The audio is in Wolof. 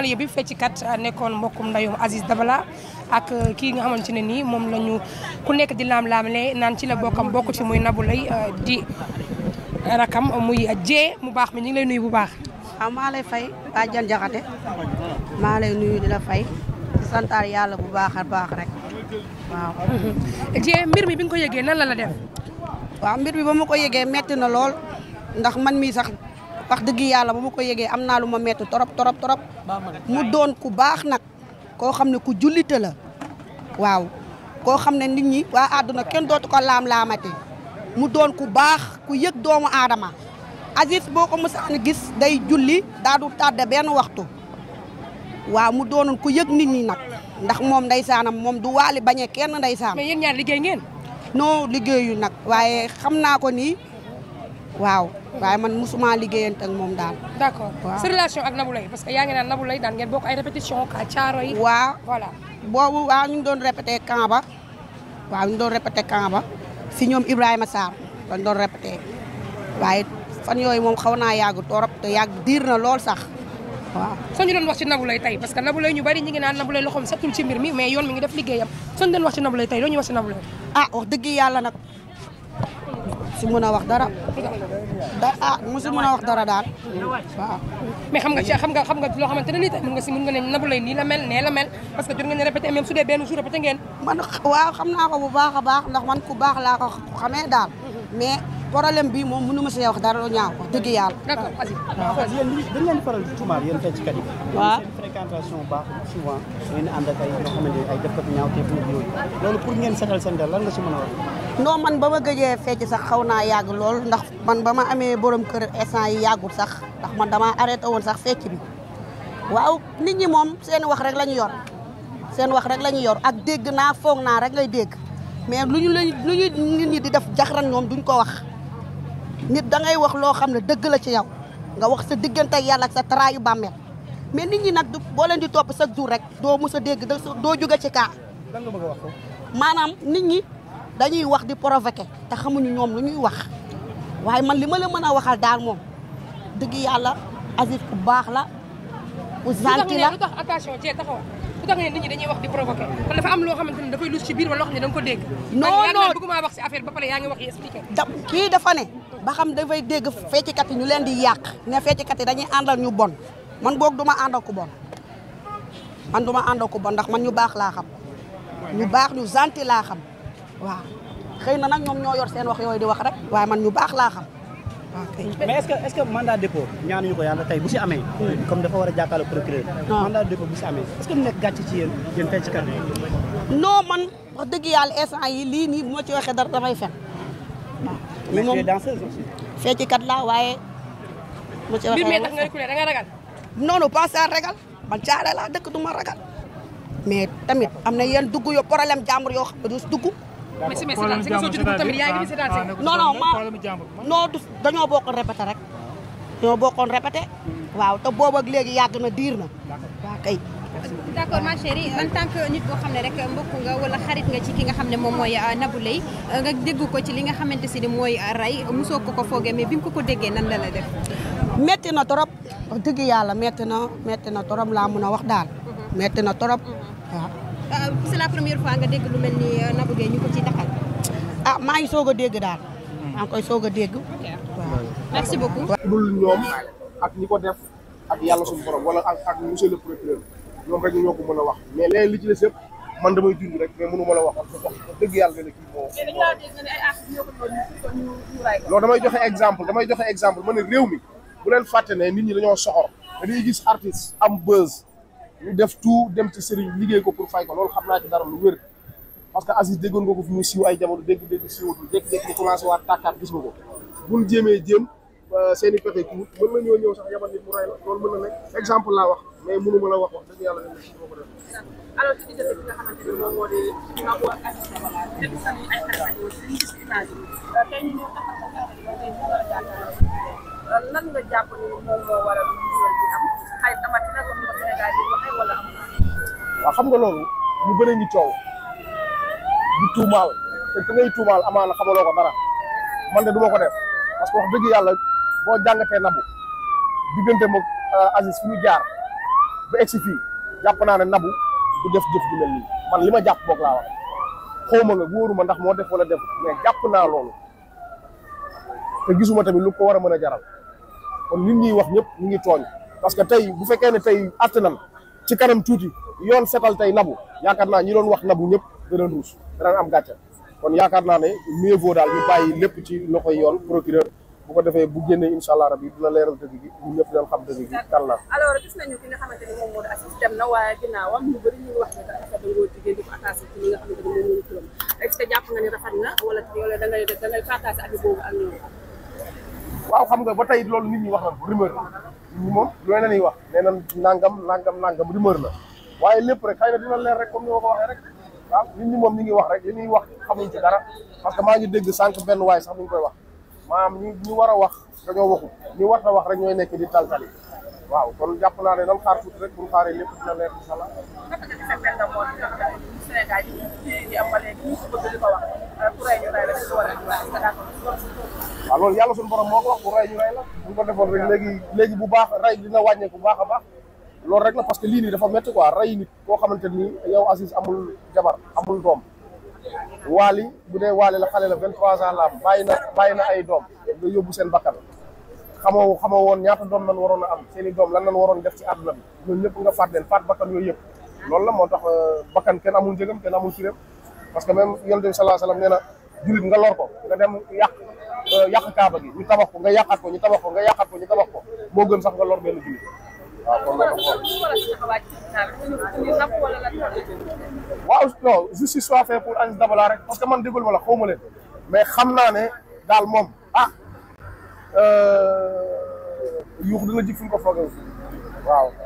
la banlieue bi feccikat ah, nekkoon mbokkum ndayum Aziz Dabala ak eh, kii nga xamante ne nii moom la ñu ku nekk di laam-laamle naan ci la bokkam bokku ci muy Nabou Leye eh, di rakam muy jee mu baax mi ñu ngi lay nuy bu baax. a ah, maa lay fay ba jan jaxate maa lay nuy di la fay di santaar yàlla bu baax a baax rek waaw. jee mbir mi bi nga ko yëgee nan la la def. waaw mbir mi ba ma ko yëgee metti na lool ndax man mii sax. wax dëgg yàlla bu ma ko yegee am naa lu ma metti torop torop mu doon ku baax nag koo xam ne ku jullite la waaw koo xam ne nit ñi waa àdduna kenn dootu ko laam-laamate mu doon ku baax ku yëg doomu aadama Aziz boo ko mësaan gis day julli daa du tàdde benn waxtu waaw mu doonu ku yëg nit ñi nag ndax moom day saanam moom du waali bañe kenn ndeysaan mais yéen ñaar liggéey ngeen noo liggéeyu nag waaye xam naa ko nii waaw waaye man musuma liggéeyante ak moom daan d'accord sa relation ak Nabou Leye parce que yaa ngi naan Nabou Leye daan ngeen bokk ay répétition ka caaro yi. boobu waaw ñu ngi doon répété camp ba waaw ñu doon répété camp si ñoom Ibrahima Sarr dañ doon répété waaye fan yooyu moom xaw naa yàgg torop te yàgg diir na lool sax waaw. soo ñu doon wax ci Nabou Leye tey parce que Nabou Leye ñu bari ñu ngi naan doon wax ci Nabou Leye tey loo ñuy wax ci Nabou Leye. ah dëgg yàlla nag. si mën a wax dara. da ah mu si mën a wax dara daal. waaw. mais xam nga ci xam nga xam nga loo xamante ne nii mën nga si mën nga ne Nabou Leye nii la mel nee la mel parce que jot nga ne répété même su dee benn jour répété ngeen. man waaw xam naa ko bu baax a baax ndax man ku baax laa ko xamee daal. mais problème bi moom mënu ma see wax dara lu ñaaw wax dëgg yàlla. d'accord vas-y. waaw parce que yéen dañ leen faral di tuumaal yéen feccikat yi. waaw seen fréquentation baax souvent. ngeen ànd ak ay yoo xamante ne ay def ko ñaaw te bu ñu loolu pour ngeen setal seen dara lan nga si mën a wax non man ba ma gëjee fecc sax xaw naa yàgg lool ndax man ba ma amee boroom kër instant yi yàggul sax ndax man damaa arrêté woon sax fecc bi waaw nit ñi moom seeni wax rek la ñu yor seen wax rek la ñu yor ak dégg naa foog naa rek ngay dégg mais lu ñu lañ lu ñu nit ñi di def jaxran ñoom duñ ko wax nit dangay wax loo xam ne dëgg la ci yow nga wax sa diggante ak yàlla ak sa taraayu bàmmeel mais nit ñi nag du boo leen di topp sa jour rek doo mës a dégg doo jóge ci kaa. lan a dañuy wax di provoquer te xamuñu ñoom lu ñuy wax waaye man li ma la mën a waxal daal moom dëgg yàlla Aziz ku baax la ku gentil la lu tax attention cee taxawal bu tax ne nit ñi am loo xamante ne dafay lus ci biir wala loo xam ne ko dégg non non bëgguma wax ci affaire ba pare yaa ngi wax yi expliquer da kii dafa ne ba xam dafay dégg feccikat yi ñu leen di yàq ne feccikat yi dañuy àndal ñu bon man boog duma àndal ku bon man duma àndal ku bon ndax man ñu baax laa xam ñu baax ñu gentil laa xam waaw xëy na nag ñoom ñoo yor seen wax yooyu di wax rek waaye man ñu baax laa xam mais est-ce que est-ce que mandat dépôt ñaanuñu ko yàlla tey bu si amee comme dafa war a jàkkaarloo procureur mandat dépôt bu si amee est-ce nekk gàcce ci yéen yéen fecckat non man wax dëgg yàlla instant yi lii nii bu ma waxee dara damay fen mais moom danseuse aussi fecckat laa waaye bu ma ci waxee mais tax nga reculer da nga ragal dëkk du ma ragal mais tamit am na yen dugg yo problème jàmbur yoo xam ne du mais na mais seetaan si nga soo ci dugg waaw te boobu léegi yàgg na diir na waaw kay d' accord tant que nit boo ki nga xam ne moom mooy euh, Nabou Leye euh, nga dégg ko ci li nga xamante si ni mooy euh, rey mosoo ko ko foogee mais ko ko déggee nan la la def metti na torop dëgg yàlla metti na metti na torop laa mun a wax daal mhm. metti na torop mhm. waaw Euh, c'est la première fois nga dégg lu mel ni euh, Nabou Guèye ñu ko ciy ah maa ngi soog a dégg daal. Hmm. maa koy soog a dégg. merci beaucoup. dul ñoom ak ñi ko def ak yàlla suñu borom wala ak ak monsieur le procureur ñoom rek ñoo ko mën a wax mais léeg li ci man damay dund rek mais mënu ma la wax ak wax dëgg yàlla ne kii moo. loolu damay joxe exemple damay joxe exemple ma ne réew mi bu leen fàtte ne nit ñi lañoo soxor dañuy gis artiste am buzz. ñu def tout dem ci sëriñ liggéey ko pour fay ko loolu xam naa ci dara mu wér parce que Aziz déggoon nga ko fi muy siiw ay jamono dégg-dégg siiwatul dégg-dégg mu commencé waat tàkkaat gis ko buñ jéemee jéem euh, seen i pexe tuut mën na ñoo ñëw sax yabal nit mu rey loolu mën na nekk exemple laa wax mais mënu ma la wax wax dëgg yàlla nga xamante ne xarit xam nga loolu ñu bëri ñu coow du tuumaal te ku ngay tuumaal amaana xamaloo ko dara man de duma ko def parce que wax dëgg yàlla boo jàngatee nabu diggante moom euh, Aziz fi ñu jaar ba egsi fii jàpp naa ne nabu du def jëf ju mel nii man li ma jàpp boog laa wax xaw ma nga wóoruma ndax moo def wala def mais jàpp naa loolu te gisuma tamit lu ko war a mën a jaral kon nit ñi wax ñëpp ñu ngi tooñ parce que tey bu fekkee ne tey att ci kanam tuuti yoon setal tey nabu yaakaar naa ñi doon wax nabu ñëpp danañ ruus am gàcce kon yaakaar naa ne mieux vaut daal ñu bàyyi lépp ci loxoy yoon procureur bu ko defee bu génnee incha allah rabi dina leeral dëgg gi ñun ñëpp dinañ xam la. alors gis nañu ki nga xamante ni moom ñu bëri ñu ne dafa di ko moom la ñu na wala wala waaw xam nga ba tey loolu nit ñi wax na rumeur moom looy na ñuy wax nee na nangam nangam nangam rumeur la waaye lépp rek xëy na dina leer rek comme ni ma ko rek waaw nit ñi moom ñu ngi wax rek li ñuy wax xamuñ ci dara parce que maa ngi dégg sànq benn waay sax mi ngi koy wax maam ñi ñu war a wax dañoo waxul ñi war a wax rek ñooy nekk di taltali waaw kon jàpp naa ne nan xaar tuuti rek bu ñu xaaree lépp dina leer incha allah. waaw loolu yàlla suñu borom moo ko wax bu ñu rey la bu ñu defoon rek léegi léegi bu baax rey dina wàññeeku bu baax a baax loolu rek la parce que lii nii dafa métti quoi rey nit koo xamante ni yow Aziz amul jabar amul doom waali bu dee waali la xale la vingt trois ans la bàyyi na bàyyi na ay doom nga yóbbu seen bakkan xamoo xamoo woon ñaata doom lan waroon a am seen i doom lan lan waroon def ci àdduna bi ñooñu ñëpp nga faat leen faat bakkan yooyu yëpp loolu la moo tax euh, bakkan kenn amul njëgam kenn amul parce que même yonent bi sallallahu alayhi na jullit nga lor ko nga dem yàq euh, yàq kaaba gi ñu tabax ko nga yàqaat ko ñu tabax ko nga yàqaat ko ñu tabax ko moo gën sax nga lor benn jullit waaw kon waaw non soit faite pour Aziz Dabala rek parce que man déggul ma la xaw ma leen mais xam naa ne daal moom ah euh, yuux dina jig fu ñu ko foogee waaw